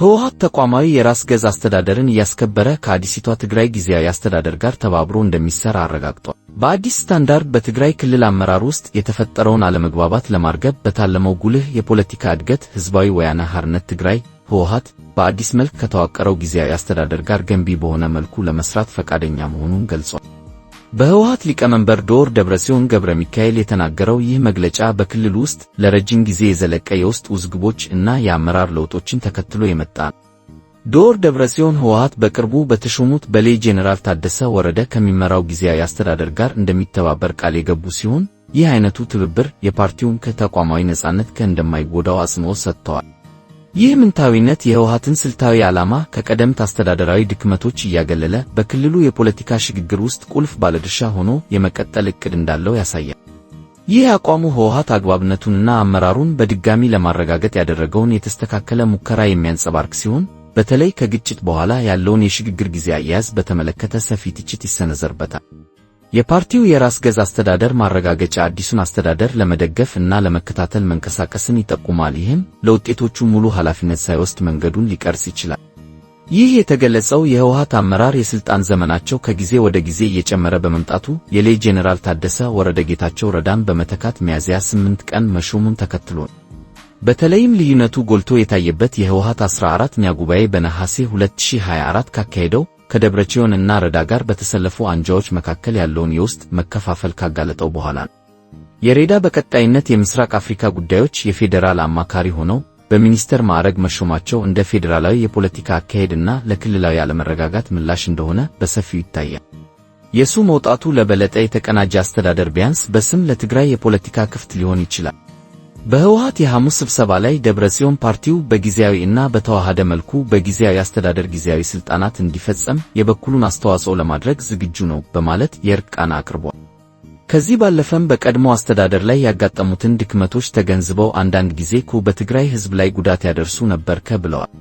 ህወሓት ተቋማዊ የራስ ገዝ አስተዳደርን እያስከበረ ከአዲሲቷ ትግራይ ጊዜያዊ አስተዳደር ጋር ተባብሮ እንደሚሰራ አረጋግጧል። በአዲስ ስታንዳርድ በትግራይ ክልል አመራር ውስጥ የተፈጠረውን አለመግባባት ለማርገብ በታለመው ጉልህ የፖለቲካ እድገት ህዝባዊ ወያነ ሓርነት ትግራይ ህወሓት በአዲስ መልክ ከተዋቀረው ጊዜያዊ አስተዳደር ጋር ገንቢ በሆነ መልኩ ለመስራት ፈቃደኛ መሆኑን ገልጿል። በህወሓት ሊቀመንበር ዶር ደብረጽዮን ገብረ ሚካኤል የተናገረው ይህ መግለጫ በክልል ውስጥ ለረጅም ጊዜ የዘለቀ የውስጥ ውዝግቦች እና የአመራር ለውጦችን ተከትሎ የመጣ ዶር ዶክተር ደብረጽዮን ህወሓት በቅርቡ በተሾሙት በሌ ጄኔራል ታደሰ ወረደ ከሚመራው ጊዜያዊ አስተዳደር ጋር እንደሚተባበር ቃል የገቡ ሲሆን ይህ አይነቱ ትብብር የፓርቲውን ከተቋማዊ ነጻነት ከእንደማይጎዳው እንደማይጎዳው አጽንኦት ሰጥተዋል። ይህ ምንታዊነት የህወሓትን ስልታዊ ዓላማ ከቀደምት አስተዳደራዊ ድክመቶች እያገለለ በክልሉ የፖለቲካ ሽግግር ውስጥ ቁልፍ ባለድርሻ ሆኖ የመቀጠል ዕቅድ እንዳለው ያሳያል። ይህ አቋሙ ህወሓት አግባብነቱንና አመራሩን በድጋሚ ለማረጋገጥ ያደረገውን የተስተካከለ ሙከራ የሚያንጸባርቅ ሲሆን፣ በተለይ ከግጭት በኋላ ያለውን የሽግግር ጊዜ አያያዝ በተመለከተ ሰፊ ትችት ይሰነዘርበታል። የፓርቲው የራስ ገዝ አስተዳደር ማረጋገጫ አዲሱን አስተዳደር ለመደገፍ እና ለመከታተል መንቀሳቀስን ይጠቁማል። ይህም ለውጤቶቹ ሙሉ ኃላፊነት ሳይወስድ መንገዱን ሊቀርጽ ይችላል። ይህ የተገለጸው የህወሓት አመራር የስልጣን ዘመናቸው ከጊዜ ወደ ጊዜ እየጨመረ በመምጣቱ የሌ ጄኔራል ታደሰ ወረደ ጌታቸው ረዳን በመተካት ሚያዝያ 8 ቀን መሾሙን ተከትሎ ነው። በተለይም ልዩነቱ ጎልቶ የታየበት የህወሓት 14ኛ ጉባኤ በነሐሴ 2024 ካካሄደው ከደብረ እና ረዳ ጋር በተሰለፉ አንጃዎች መካከል ያለውን የውስጥ መከፋፈል ካጋለጠው በኋላ ነው። የሬዳ በቀጣይነት የምስራቅ አፍሪካ ጉዳዮች የፌዴራል አማካሪ ሆነው በሚኒስተር ማዕረግ መሾማቸው እንደ ፌዴራላዊ የፖለቲካ አካሄድና ለክልላዊ አለመረጋጋት ምላሽ እንደሆነ በሰፊው ይታያል። የሱ መውጣቱ ለበለጠ የተቀናጀ አስተዳደር ቢያንስ በስም ለትግራይ የፖለቲካ ክፍት ሊሆን ይችላል። በህወሓት የሐሙስ ስብሰባ ላይ ደብረጽዮን ፓርቲው በጊዜያዊ እና በተዋሃደ መልኩ በጊዜያዊ አስተዳደር ጊዜያዊ ስልጣናት እንዲፈጸም የበኩሉን አስተዋጽኦ ለማድረግ ዝግጁ ነው በማለት የእርቅ ቃና አቅርቧል። ከዚህ ባለፈም በቀድሞ አስተዳደር ላይ ያጋጠሙትን ድክመቶች ተገንዝበው አንዳንድ ጊዜ እኮ በትግራይ ህዝብ ላይ ጉዳት ያደርሱ ነበርከ ብለዋል።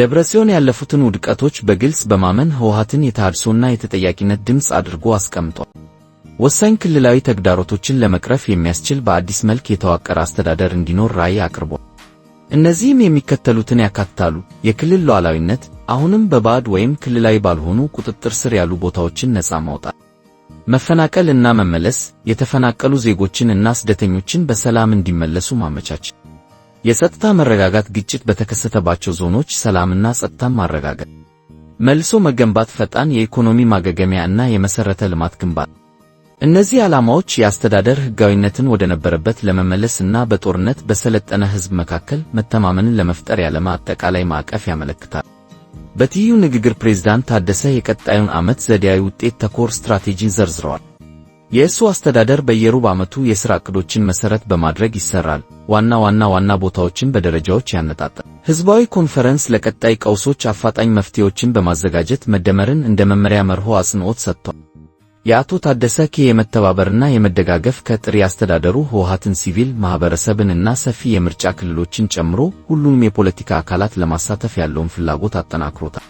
ደብረጽዮን ያለፉትን ውድቀቶች በግልጽ በማመን ህወሓትን የተሃድሶና የተጠያቂነት ድምፅ አድርጎ አስቀምጧል። ወሳኝ ክልላዊ ተግዳሮቶችን ለመቅረፍ የሚያስችል በአዲስ መልክ የተዋቀረ አስተዳደር እንዲኖር ራዕይ አቅርቧል። እነዚህም የሚከተሉትን ያካትታሉ። የክልል ሉዓላዊነት፣ አሁንም በባዕድ ወይም ክልላዊ ባልሆኑ ቁጥጥር ስር ያሉ ቦታዎችን ነፃ ማውጣት መፈናቀል እና መመለስ የተፈናቀሉ ዜጎችን እና ስደተኞችን በሰላም እንዲመለሱ ማመቻች። የጸጥታ መረጋጋት ግጭት በተከሰተባቸው ዞኖች ሰላምና ጸጥታን ማረጋገጥ። መልሶ መገንባት፣ ፈጣን የኢኮኖሚ ማገገሚያ እና የመሠረተ ልማት ግንባታ እነዚህ ዓላማዎች የአስተዳደር ሕጋዊነትን ወደ ነበረበት ለመመለስ እና በጦርነት በሰለጠነ ሕዝብ መካከል መተማመንን ለመፍጠር ያለመ አጠቃላይ ማዕቀፍ ያመለክታል። በትይዩ ንግግር ፕሬዝዳንት ታደሰ የቀጣዩን ዓመት ዘዴያዊ ውጤት ተኮር ስትራቴጂን ዘርዝረዋል። የእሱ አስተዳደር በየሩብ ዓመቱ የሥራ ዕቅዶችን መሠረት በማድረግ ይሠራል። ዋና ዋና ዋና ቦታዎችን በደረጃዎች ያነጣጠል። ሕዝባዊ ኮንፈረንስ ለቀጣይ ቀውሶች አፋጣኝ መፍትሄዎችን በማዘጋጀት መደመርን እንደ መመሪያ መርሆ አጽንዖት ሰጥቷል። የአቶ ታደሰ ከ የመተባበርና የመደጋገፍ ከጥሪ አስተዳደሩ ህወሓትን ሲቪል ማህበረሰብን እና ሰፊ የምርጫ ክልሎችን ጨምሮ ሁሉንም የፖለቲካ አካላት ለማሳተፍ ያለውን ፍላጎት አጠናክሮታል።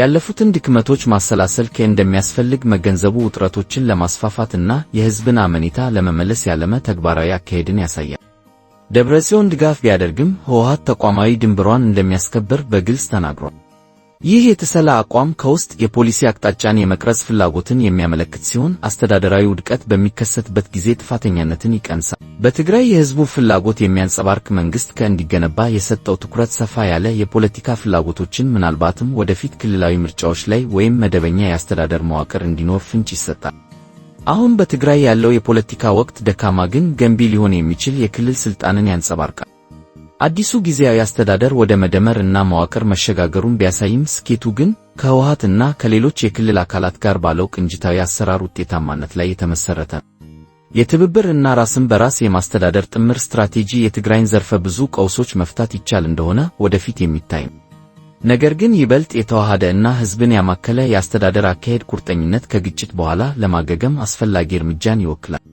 ያለፉትን ድክመቶች ማሰላሰል ከ እንደሚያስፈልግ መገንዘቡ ውጥረቶችን ለማስፋፋትና የሕዝብን አመኔታ ለመመለስ ያለመ ተግባራዊ አካሄድን ያሳያል። ደብረ ድጋፍ ቢያደርግም ህወሓት ተቋማዊ ድንበሯን እንደሚያስከብር በግልጽ ተናግሯል። ይህ የተሰላ አቋም ከውስጥ የፖሊሲ አቅጣጫን የመቅረጽ ፍላጎትን የሚያመለክት ሲሆን አስተዳደራዊ ውድቀት በሚከሰትበት ጊዜ ጥፋተኛነትን ይቀንሳል። በትግራይ የህዝቡ ፍላጎት የሚያንጸባርቅ መንግስት ከእንዲገነባ የሰጠው ትኩረት ሰፋ ያለ የፖለቲካ ፍላጎቶችን ምናልባትም ወደፊት ክልላዊ ምርጫዎች ላይ ወይም መደበኛ የአስተዳደር መዋቅር እንዲኖር ፍንጭ ይሰጣል። አሁን በትግራይ ያለው የፖለቲካ ወቅት ደካማ ግን ገንቢ ሊሆን የሚችል የክልል ስልጣንን ያንጸባርቃል። አዲሱ ጊዜያዊ አስተዳደር ወደ መደመር እና መዋቅር መሸጋገሩን ቢያሳይም ስኬቱ ግን ከህወሓት እና ከሌሎች የክልል አካላት ጋር ባለው ቅንጅታዊ አሰራር ውጤታማነት ላይ የተመሰረተ ነው። የትብብር እና ራስን በራስ የማስተዳደር ጥምር ስትራቴጂ የትግራይን ዘርፈ ብዙ ቀውሶች መፍታት ይቻል እንደሆነ ወደፊት የሚታይ ነው። ነገር ግን ይበልጥ የተዋሃደ እና ህዝብን ያማከለ የአስተዳደር አካሄድ ቁርጠኝነት ከግጭት በኋላ ለማገገም አስፈላጊ እርምጃን ይወክላል።